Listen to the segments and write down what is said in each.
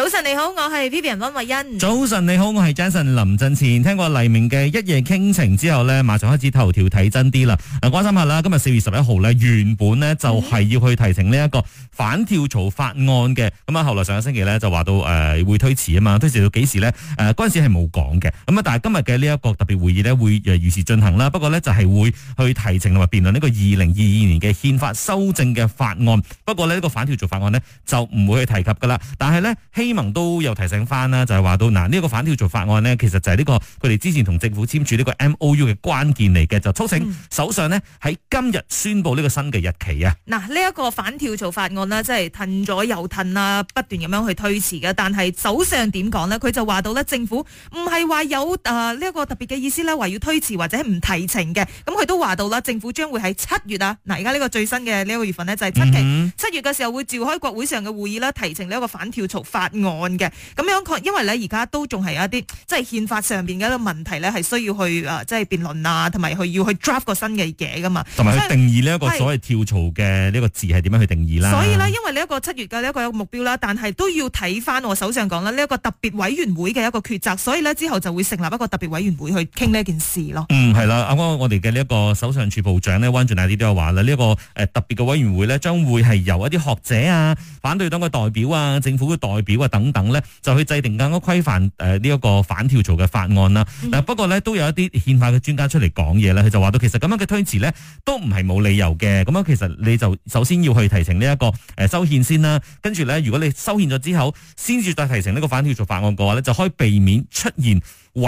早晨你好，我係 P P R 溫慧欣。早晨你好，我係 Jason 林振前。聽過黎明嘅一夜傾情之後咧，馬上開始頭條睇真啲啦。關心下啦，今日四月十一號咧，原本咧就係要去提呈呢一個反跳槽法案嘅。咁啊，後來上個星期咧就話到誒會推遲啊嘛，推遲到幾時咧？誒嗰陣時係冇講嘅。咁啊，但係今日嘅呢一個特別會議咧會誒如期進行啦。不過咧就係會去提呈同埋辯論呢個二零二二年嘅憲法修正嘅法案。不過咧呢個反跳槽法案咧就唔會去提及噶啦。但係咧希。希盟都有提醒翻啦，就係話到嗱呢一個反跳槽法案呢，其實就係呢、這個佢哋之前同政府簽署呢個 M O U 嘅關鍵嚟嘅，就促請首相呢，喺今日宣布呢個新嘅日期啊！嗱、嗯，呢、這、一個反跳槽法案呢，即係褪咗又褪啊，不斷咁樣去推遲嘅。但係首相點講呢？佢就話到呢，政府唔係話有誒呢一個特別嘅意思呢，話要推遲或者唔提呈嘅。咁佢都話到啦，政府將會喺七月啊！嗱，而家呢個最新嘅呢、這個月份呢，就係七期、嗯、七月嘅時候會召開國會上嘅會議啦，提呈呢一個反跳槽法案嘅咁樣，因為咧而家都仲係一啲即係憲法上邊嘅一個問題咧，係需要去誒即係辯論啊，同埋去要去 draft 個新嘅嘢噶嘛，同埋去定義呢一個所謂跳槽嘅呢個字係點以是樣去定義啦。所以呢，因為呢一個七月嘅呢一個目標啦，但係都要睇翻我手上講啦，呢一個特別委員會嘅一個抉擇，所以呢，之後就會成立一個特別委員會去傾呢件事咯。嗯，係啦，啱啱我哋嘅呢一個首相署部長咧，溫俊達呢啲都有話啦，呢、這、一個特別嘅委員會呢，將會係由一啲學者啊、反對黨嘅代表啊、政府嘅代表。話等等咧，就去制定更加規範誒呢一個反跳槽嘅法案啦。嗱、嗯，不過咧都有一啲憲法嘅專家出嚟講嘢咧，佢就話到其實咁樣嘅推遲咧都唔係冇理由嘅。咁樣其實你就首先要去提呈、這個呃、呢一個誒修憲先啦，跟住咧如果你修憲咗之後，先至再提呈呢個反跳槽法案嘅話咧，就可以避免出現。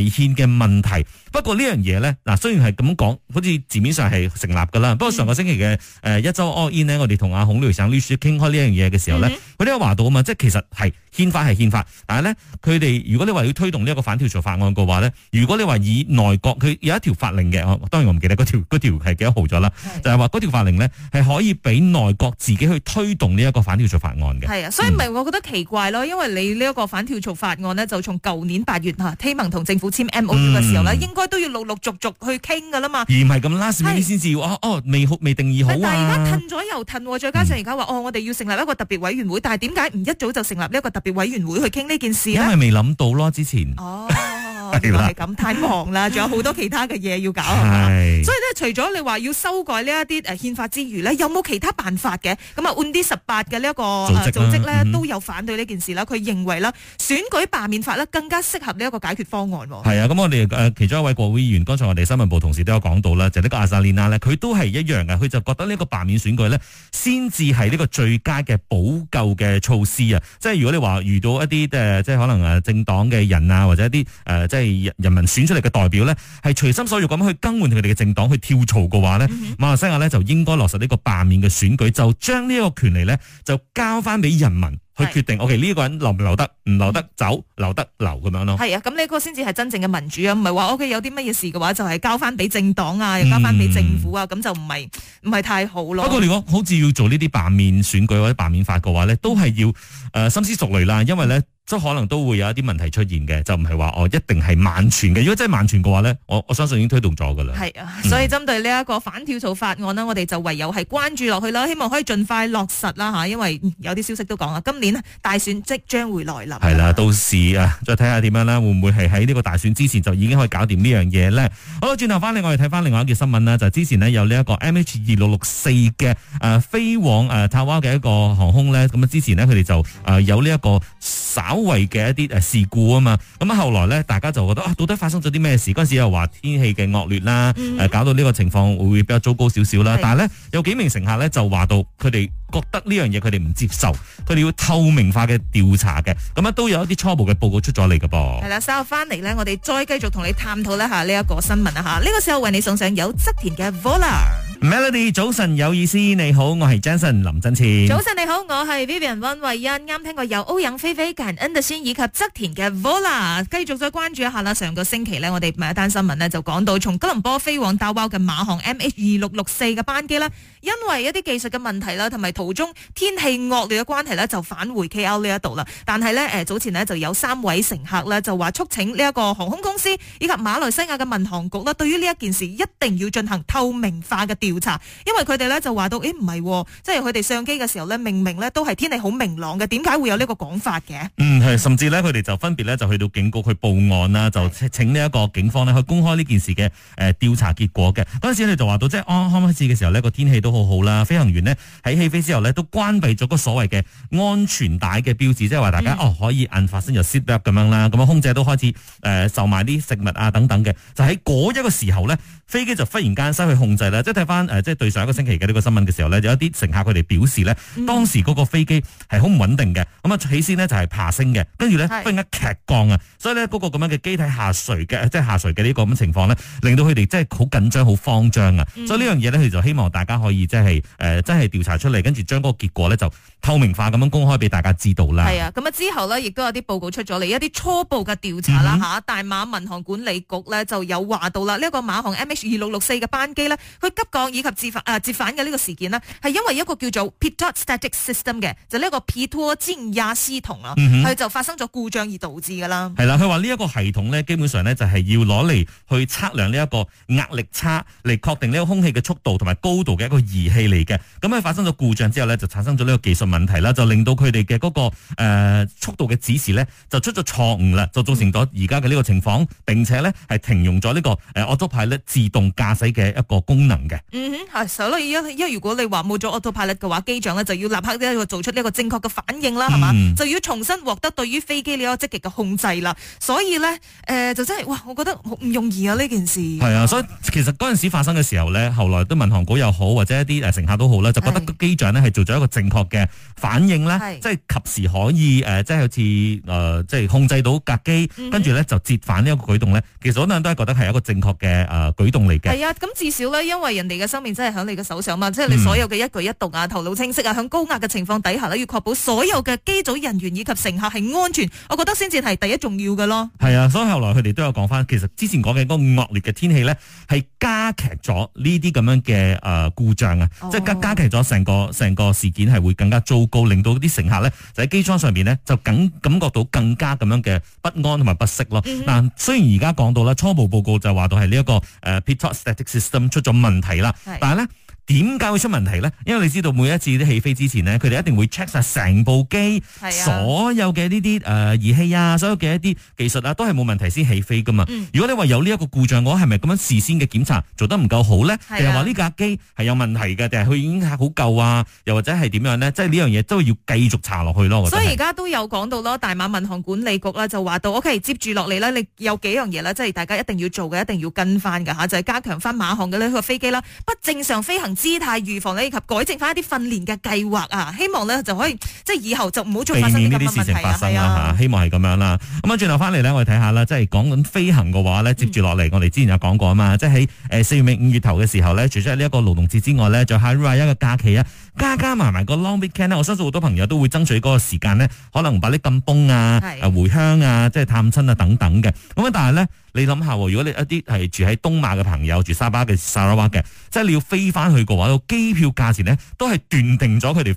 違憲嘅問題，不過呢樣嘢呢，嗱，雖然係咁講，好似字面上係成立㗎啦。不過上個星期嘅誒一周 all in 咧，我哋同阿孔女士、陳女士傾開呢一樣嘢嘅時候呢，佢都話到啊嘛，即係其實係憲法係憲法，但係呢，佢哋如果你話要推動呢一個反跳槽法案嘅話呢，如果你話以內閣佢有一條法令嘅，我當然我唔記得嗰條嗰條係幾多號咗啦，就係話嗰條法令呢係可以俾內閣自己去推動呢一個反跳槽法案嘅。係啊，所以咪我覺得奇怪咯，嗯、因為你呢一個反跳槽法案呢，就從舊年八月嚇政府簽 M O U 嘅時候咧，嗯、應該都要陸陸續續去傾噶啦嘛，而唔係咁 last minute 先至話哦，未好未定義好、啊、但係而家褪咗又褪，再加上而家話哦，我哋要成立一個特別委員會，但係點解唔一早就成立呢一個特別委員會去傾呢件事咧？因為未諗到咯，之前。哦 原係咁，太忙啦，仲有好多其他嘅嘢要搞 是的 所以咧，除咗你話要修改呢一啲誒憲法之餘咧，有冇其他辦法嘅？咁啊，Undi 18嘅呢一個組織咧，都有反對呢件事啦。佢認為啦，選舉罷免法咧更加適合呢一個解決方案。係啊，咁我哋誒其中一位國會議員，剛才我哋新聞部同事都有講到啦，就係呢個阿薩尼娜咧，佢都係一樣嘅，佢就覺得呢個罷免選舉咧，先至係呢個最佳嘅補救嘅措施啊！即係如果你話遇到一啲誒，即係可能誒政黨嘅人啊，或者一啲誒，即、呃、係。人民選出嚟嘅代表咧，係隨心所欲咁去更換佢哋嘅政黨，去跳槽嘅話咧，嗯、哼馬來西亞咧就應該落實呢個罷免嘅選舉，就將呢一個權利咧，就交翻俾人民去決定。O K，呢個人留唔留得，唔留得、嗯、走，留得留咁樣咯。係啊，咁呢個先至係真正嘅民主啊，唔係話 O K 有啲乜嘢事嘅話，就係、是、交翻俾政黨啊，又交翻俾政府啊，咁、嗯、就唔係唔係太好咯。不過如果，好似要做呢啲罷免選舉或者罷免法嘅話咧，都係要誒、呃、深思熟慮啦，因為咧。即可能都會有一啲問題出現嘅，就唔係話哦一定係萬全嘅。如果真係萬全嘅話咧，我我相信已經推動咗噶啦。係、啊、所以針對呢一個反跳槽法案呢，嗯、我哋就唯有係關注落去啦，希望可以盡快落實啦吓，因為、嗯、有啲消息都講啊，今年大選即將會來臨。係啦、啊，到時啊，再睇下點樣啦，會唔會係喺呢個大選之前就已經可以搞掂呢樣嘢咧？好，轉頭翻嚟我哋睇翻另外一件新聞啦，就是、之前呢，有呢一個 M H 二六六四嘅誒飛往誒、呃、塔瓦嘅一個航空咧，咁啊之前呢，佢哋就誒有呢一個稍微嘅一啲誒事故啊嘛，咁啊後來咧，大家就覺得啊，到底發生咗啲咩事？嗰陣時又話天氣嘅惡劣啦，誒、mm，hmm. 搞到呢個情況會比較糟糕少少啦。的但係咧，有幾名乘客咧就話到佢哋。覺得呢樣嘢佢哋唔接受，佢哋要透明化嘅調查嘅，咁啊都有一啲初步嘅報告出咗嚟噶噃。係啦，稍後翻嚟呢，我哋再繼續同你探討一下呢一個新聞啊吓，呢個時候為你送上有側田嘅 Vola，Melody 早晨有意思，你好，我係 Jason 林振前。早晨你好，我係 Vivian 温慧欣，啱聽過有歐陽菲菲、Gary Anderson 以及側田嘅 Vola，繼續再關注一下啦。上個星期呢，我哋買一單新聞呢，就講到從吉隆坡飛往達沃嘅馬航 MH 二六六四嘅班機啦，因為一啲技術嘅問題啦，同埋途中天氣惡劣嘅關係咧，就返回 KL 呢一度啦。但係咧，誒早前咧就有三位乘客咧就話促請呢一個航空公司以及馬來西亞嘅民航局啦，對於呢一件事一定要進行透明化嘅調查，因為佢哋咧就話到，誒唔係，即係佢哋上機嘅時候咧，明明咧都係天氣好明朗嘅，點解會有呢個講法嘅？嗯，係，甚至咧佢哋就分別咧就去到警局去報案啦，就請呢一個警方咧去公開呢件事嘅誒調查結果嘅。嗰陣時咧就話到，即係啱啱開始嘅時候咧，個天氣都好好啦，飛行員咧喺飛機，之後都關閉咗個所謂嘅安全帶嘅標誌，即係話大家、嗯、哦可以按發先就 sit up 咁樣啦。咁啊，空姐都開始誒、呃、售賣啲食物啊等等嘅。就喺嗰一個時候呢，飛機就忽然間失去控制啦。即係睇翻誒，即係對上一個星期嘅呢個新聞嘅時候呢，嗯、有一啲乘客佢哋表示呢，當時嗰個飛機係好唔穩定嘅。咁啊、嗯，起先呢，就係爬升嘅，跟住呢，忽然間劇降啊。所以呢，嗰個咁樣嘅機體下垂嘅，即係下垂嘅呢個咁情況呢，令到佢哋真係好緊張、好慌張啊。嗯、所以呢樣嘢咧，佢就希望大家可以即係誒，真係調查出嚟，跟住。將個結果咧就透明化咁樣公開俾大家知道啦。係啊，咁啊之後呢，亦都有啲報告出咗嚟，一啲初步嘅調查啦吓。嗯、哼大馬民航管理局咧就有話到啦，呢個馬航 M H 二六六四嘅班機呢，佢急降以及折返折返嘅呢個事件呢，係因為一個叫做 pitot static system 嘅，就呢個 pitot 靜壓系統啊，佢、嗯、哼就發生咗故障而導致噶啦、啊。係啦，佢話呢一個系統呢，基本上呢，就係要攞嚟去測量呢一個壓力差，嚟確定呢個空氣嘅速度同埋高度嘅一個儀器嚟嘅。咁佢發生咗故障。之後咧就產生咗呢個技術問題啦，就令到佢哋嘅嗰個誒、呃、速度嘅指示呢，就出咗錯誤啦，就造成咗而家嘅呢個情況，並且呢，係停用咗呢個誒 Autopilot 自動駕駛嘅一個功能嘅。嗯哼，係，所以因為如果你話冇咗 Autopilot 嘅話，機長呢就要立刻做出呢個正確嘅反應啦，係嘛，嗯、就要重新獲得對於飛機呢個積極嘅控制啦。所以呢，誒、呃、就真係哇，我覺得好唔容易啊呢件事。係啊，所以其實嗰陣時發生嘅時候呢，後來都民航局又好，或者一啲乘客都好咧，就覺得機長。咧係做咗一個正確嘅反應咧，是即係及時可以誒、呃，即係好似誒，即係控制到格機，跟住咧就折返呢一個舉動咧，其實我諗都係覺得係一個正確嘅誒、呃、舉動嚟嘅。係啊，咁至少咧，因為人哋嘅生命真係喺你嘅手上嘛，即係你所有嘅一舉一動啊，嗯、頭腦清晰啊，喺高壓嘅情況底下咧，要確保所有嘅機組人員以及乘客係安全，我覺得先至係第一重要嘅咯。係啊，所以後來佢哋都有講翻，其實之前講嘅嗰個惡劣嘅天氣咧，係加劇咗呢啲咁樣嘅誒、呃、故障啊，哦、即係加加劇咗成個。成個事件係會更加糟糕，令到啲乘客咧就喺機艙上邊咧就感感覺到更加咁樣嘅不安同埋不適咯。嗱、嗯，雖然而家講到啦，初步報告就話到係呢一個誒、呃、pitot static system 出咗問題啦，是但係咧，點解會出問題呢？因為你知道每一次啲起飛之前呢，佢哋一定會 check 晒成部機，啊、所有嘅呢啲誒儀器啊，所有嘅一啲技術啊，都係冇問題先起飛噶嘛。嗯、如果你話有呢一個故障嘅話，我係咪咁樣事先嘅檢查做得唔夠好呢？定係話呢架機係有問題嘅，定係佢已經好舊啊？又或者係點樣呢？即係呢樣嘢都係要繼續查落去咯。所以而家都有講到咯，大馬民航管理局呢，就話到，OK，接住落嚟呢，你有幾樣嘢呢？即係大家一定要做嘅，一定要跟翻㗎。吓，就係加強翻馬航嘅呢個飛機啦，不正常飛行。姿態預防咧，以及改正翻一啲訓練嘅計劃啊，希望咧就可以即係以後就唔好再避免呢啲事情發生啦吓，希望係咁樣啦。咁啊，轉頭翻嚟咧，我哋睇下啦，即係講緊飛行嘅話咧，接住落嚟，我哋之前有講過啊嘛，即係喺誒四月尾五月頭嘅時候咧，除咗呢一個勞動節之外咧，仲有一個假期啊，加加埋埋個 long weekend 咧，我相信好多朋友都會爭取嗰個時間咧，可能把啲禁崩啊、回鄉啊、即係探親啊等等嘅。咁啊，但係咧。你諗下，如果你一啲係住喺東馬嘅朋友，住沙巴嘅沙拉瓦嘅，即係你要飛翻去嘅話，個機票價錢呢都係斷定咗佢哋，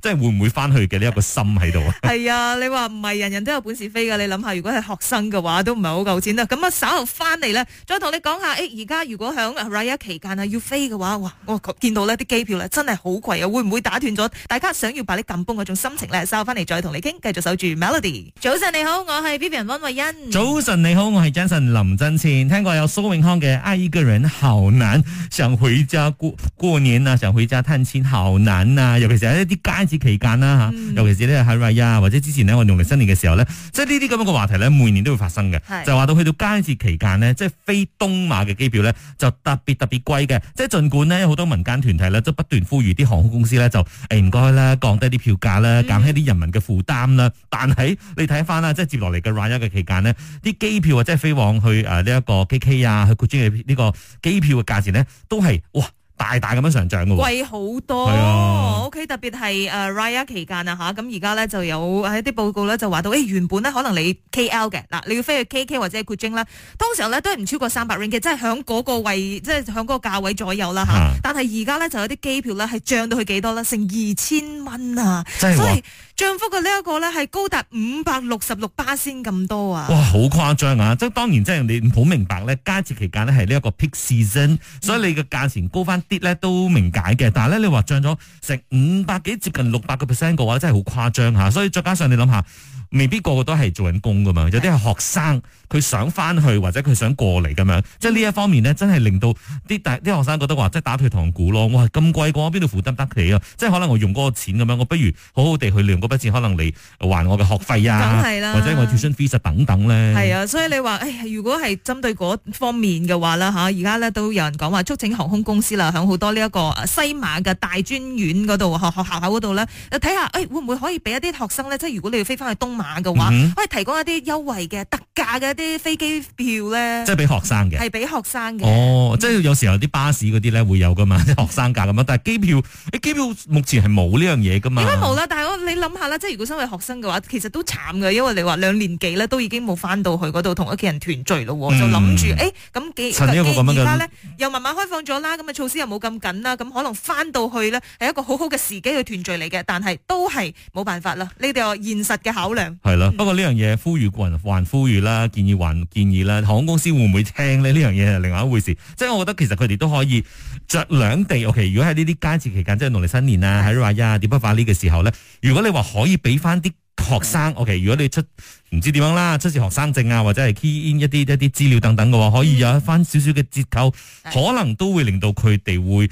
即係會唔會翻去嘅呢一個心喺度啊？係啊， 你話唔係人人都有本事飛㗎，你諗下，如果係學生嘅話，都唔係好夠錢啦。咁啊，稍後翻嚟咧，再同你講下，誒而家如果喺 Raya 期間啊，要飛嘅話，哇，我見到呢啲機票咧真係好貴啊！會唔會打斷咗大家想要把啲緊崩嗰種心情咧？稍後翻嚟再同你傾，繼續守住 Melody。早晨你好，我係 Vivian 温慧欣。早晨你好，我係 Jason。林真錢聽過有蘇永康嘅《愛一個人好難》，想回家過過年啊，想回家探親好難啊，尤其是喺一啲佳節期間啦吓，尤其是咧喺 Raya 或者之前我農曆新年嘅時候呢，即係呢啲咁樣嘅話題呢，每年都會發生嘅。是就話到去到佳節期間呢，即係飛東馬嘅機票呢，就特別特別貴嘅。即係儘管呢，好多民間團體呢，都不斷呼籲啲航空公司呢，就誒唔該啦，降低啲票價啦，減輕啲人民嘅負擔啦，嗯、但係你睇翻啦，即係接落嚟嘅 Raya 嘅期間呢，啲機票啊即係飛往。去誒呢一個 k k 啊，去擴張嘅呢個機票嘅價錢咧，都係哇！大大咁樣上漲嘅，貴好多。啊、O.K. 特別係 Raya 期間啊咁而家咧就有喺啲報告咧就話到，誒、欸、原本咧可能你 KL 嘅嗱，你要飛去 KK 或者係 Kuching 啦，當時候咧都係唔超過三百 ring 嘅，即係喺嗰個位，即係喺嗰個價位左右啦、啊、但係而家咧就有啲機票咧係漲到去幾多啦成二千蚊啊！真係，即係，漲幅嘅呢一個咧係高達五百六十六巴仙咁多啊！哇，好誇張啊！即當當然真，即係你好明白咧，佳節期間呢係呢一個 peak season，所以你嘅價錢高翻。啲咧都明解嘅，但係咧你話漲咗成五百幾，接近六百個 percent 嘅話，真係好誇張吓。所以再加上你諗下，未必個個都係做緊工噶嘛，有啲係學生，佢想翻去或者佢想過嚟咁樣，即係呢一方面呢，真係令到啲大啲學生覺得話，即係打退堂鼓咯。我係咁貴個，邊度負擔得起啊？即係可能我用嗰個錢咁樣，我不如好好地去利用嗰筆錢，可能嚟還我嘅學費啊，或者我 tuition fees 等等咧。係啊，所以你話，如果係針對嗰方面嘅話啦，吓而家咧都有人講話促請航空公司啦。好多呢一個西馬嘅大專院嗰度學學校口嗰度咧，睇下誒會唔會可以俾一啲學生咧，即係如果你要飛翻去東馬嘅話，嗯、哼可以提供一啲優惠嘅特價嘅一啲飛機票咧，即係俾學生嘅，係俾學生嘅。哦，即係有時候啲巴士嗰啲咧會有噶嘛，即學生價咁啊，但係機票，誒、欸、機票目前係冇呢樣嘢噶嘛，點解冇啦？但係我你諗下啦，即係如果身為學生嘅話，其實都慘噶，因為你話兩年幾咧都已經冇翻到去嗰度同屋企人團聚咯，嗯、我就諗住誒咁幾而家又慢慢開放咗啦，咁、那、嘅、個、措施。又冇咁緊啦，咁可能翻到去咧，係一個好好嘅時機去團聚嚟嘅，但係都係冇辦法啦。呢啲啊現實嘅考量係啦，的嗯、不過呢樣嘢呼籲個人還呼籲啦，建議還建議啦，航空公司會唔會聽呢？呢樣嘢係另外一回事。即係我覺得其實佢哋都可以着兩地。OK，如果喺呢啲佳節期間，即係農曆新年啊，喺 Raya 點不法呢個時候咧，如果你話可以俾翻啲。學生 OK，如果你出唔知點樣啦，出示學生證啊，或者係 key in 一啲一啲資料等等嘅話，可以有一返少少嘅折扣，的可能都會令到佢哋會。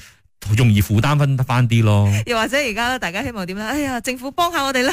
容易負擔分得翻啲咯，又或者而家大家希望點咧？哎呀，政府幫下我哋啦！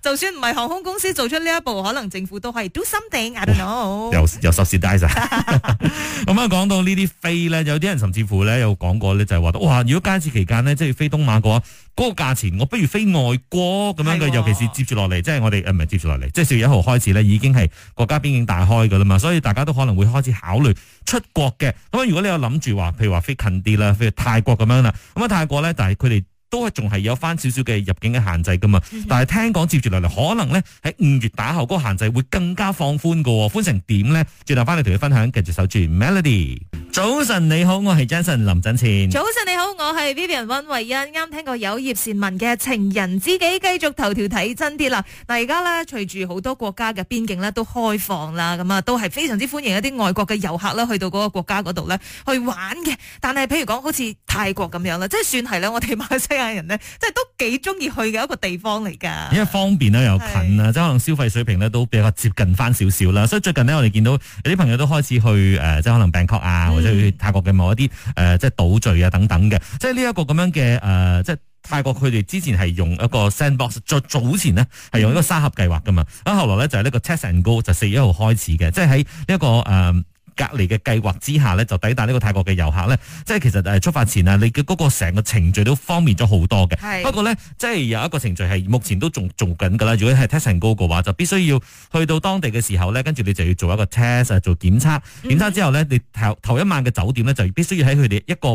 就算唔係航空公司做出呢一步，可能政府都係 do something，I don't know。有 subsidize。咁樣講到呢啲飛咧，有啲人甚至乎咧有講過咧，就係話哇，如果間接期間呢，即係飛東馬嘅話，嗰個價錢我不如飛外國咁樣嘅。哦、尤其是接住落嚟，即係我哋唔係接住落嚟，即係四月一號開始咧，已經係國家邊境大開㗎啦嘛，所以大家都可能會開始考慮出國嘅。咁如果你有諗住話，譬如話飛近啲啦，譬如泰國咁樣。咁啊，泰國咧，但係佢哋都係仲係有翻少少嘅入境嘅限制噶嘛，但係聽講接住落嚟，可能咧喺五月打後，嗰個限制會更加放寬噶，寬成點咧？轉頭翻嚟同你分享，繼續守住 Melody。早晨，你好，我係 Jason 林振前。早晨，你好，我係 Vivian 溫慧欣。啱聽過有葉倩文嘅情人知己，繼續頭條睇真啲啦。嗱，而家咧，隨住好多國家嘅邊境咧都開放啦，咁啊，都係非常之歡迎一啲外國嘅遊客啦，去到嗰個國家嗰度咧去玩嘅。但係譬如講好似泰國咁樣啦，即係算係咧，我哋馬來西亞人呢，即係都幾中意去嘅一個地方嚟噶。因為方便啦，又近啦，即係是可能消費水平呢都比較接近翻少少啦。所以最近呢，我哋見到有啲朋友都開始去誒，即、呃、係可能曼谷啊。去泰國嘅某一啲誒、呃，即係賭罪啊等等嘅，即係呢一個咁樣嘅誒、呃，即係泰國佢哋之前係用一個 sandbox，再早前咧係用一個沙盒計劃噶嘛，咁後來咧就係呢個 test and go 就四月一號開始嘅，即係喺呢一個誒、呃隔離嘅計劃之下咧，就抵達呢個泰國嘅遊客咧，即係其實就係出發前啊，你嘅嗰個成個程序都方便咗好多嘅。是不過咧，即係有一個程序係目前都仲做緊㗎啦。如果係 Test and Go 嘅話，就必須要去到當地嘅時候咧，跟住你就要做一個 test 啊，做檢測。檢測之後咧，你頭頭一晚嘅酒店咧，就必須要喺佢哋一個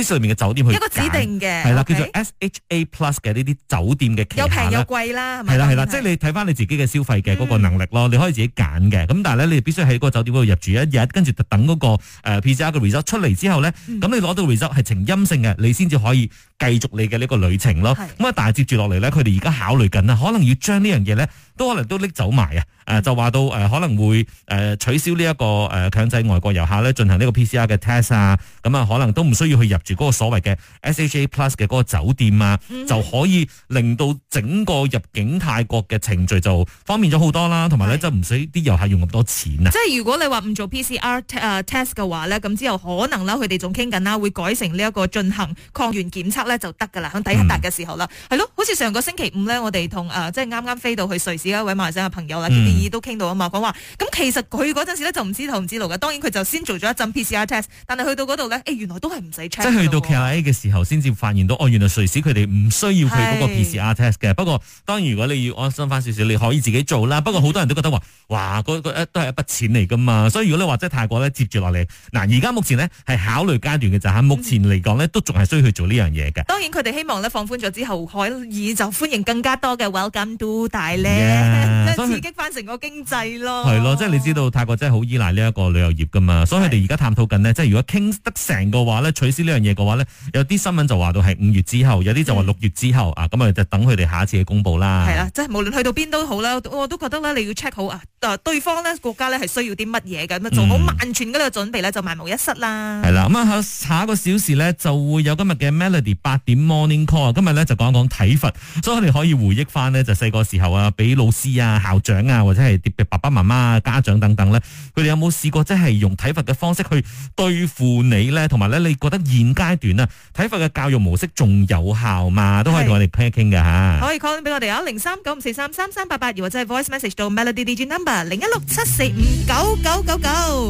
list 裏面嘅酒店去。一個指定嘅係啦，的 okay? 叫做 SHA Plus 嘅呢啲酒店嘅旗下啦。有平有貴啦，係啦係啦，即係題、就是、你睇翻你自己嘅消費嘅嗰個能力咯，嗯、你可以自己揀嘅。咁但係咧，你必須喺個酒店嗰度入住一日。跟住等嗰個 PCR 嘅 result 出嚟之後咧，咁、嗯、你攞到 result 係呈陰性嘅，你先至可以繼續你嘅呢個旅程咯。咁啊是，但係接住落嚟咧，佢哋而家考慮緊啊，可能要將呢樣嘢咧，都可能都拎走埋、嗯、啊。就話到可能會、呃、取消呢、這、一個誒、強、呃、制外國遊客咧進行呢個 PCR 嘅 test 啊，咁啊，可能都唔需要去入住嗰個所謂嘅 SHA Plus 嘅嗰個酒店啊，嗯、就可以令到整個入境泰國嘅程序就方便咗好多啦，同埋咧就唔使啲遊客用咁多錢啊。即係如果你話唔做 PCR。test 嘅話咧，咁之後可能啦，佢哋仲傾緊啦，會改成呢一個進行抗原檢測咧，就得噶啦，響底下律嘅時候啦，係咯、嗯，好似上個星期五咧，我哋同啊，即係啱啱飛到去瑞士一位馬來西亞朋友啦，啲意都傾到啊嘛，講話咁其實佢嗰陣時咧就唔知頭唔知路嘅，當然佢就先做咗一浸 PCR test，但係去到嗰度咧，原來都係唔使 check，即係去到 KIA 嘅時候先至發現到，哦原來瑞士佢哋唔需要佢嗰個 PCR test 嘅，不過當然如果你要安心翻少少，你可以自己做啦，不過好多人都覺得話，嗯、哇、嗰個、都係一筆錢嚟噶嘛，所以如果你話真泰國咧，接住落嚟嗱，而家目前咧係考慮階段嘅，就係目前嚟講呢都仲係需要去做呢樣嘢嘅。當然佢哋希望咧放寬咗之後，可以就歡迎更加多嘅 Welcome to 大咧，即係刺激翻成個經濟咯。係咯，即係、就是、你知道泰國真係好依賴呢一個旅遊業噶嘛，所以佢哋而家探討緊呢，即係如果傾得成嘅話咧，取消呢樣嘢嘅話呢，有啲新聞就話到係五月之後，有啲就話六月之後、嗯、啊，咁啊就等佢哋下一次嘅公佈啦。係啦，即係無論去到邊都好啦，我都覺得咧你要 check 好啊，啊對方咧國家咧係需要啲乜嘢嘅，萬全嗰個準備咧，就萬無一失啦。係啦，咁啊下一個小時咧就會有今日嘅 Melody 八點 Morning Call。今日咧就講一講體罰，所以我哋可以回憶翻咧就細個時候啊，俾老師啊、校長啊，或者係啲爸爸媽媽、家長等等咧，佢哋有冇試過即係用體罰嘅方式去對付你咧？同埋咧，你覺得現階段啊體罰嘅教育模式仲有效嘛？都可以同我哋傾一傾嘅吓。可以 call 俾我哋啊，零三九五四三三三八八，亦或即係 Voice Message 到 Melody DJ Number 零一六七四五九九九九。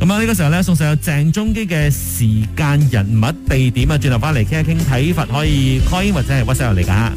咁啊，呢個時候咧，送上鄭中基嘅時間、人物、地點啊，轉頭翻嚟傾一傾睇法，可以 call in 或者係 WhatsApp 嚟噶。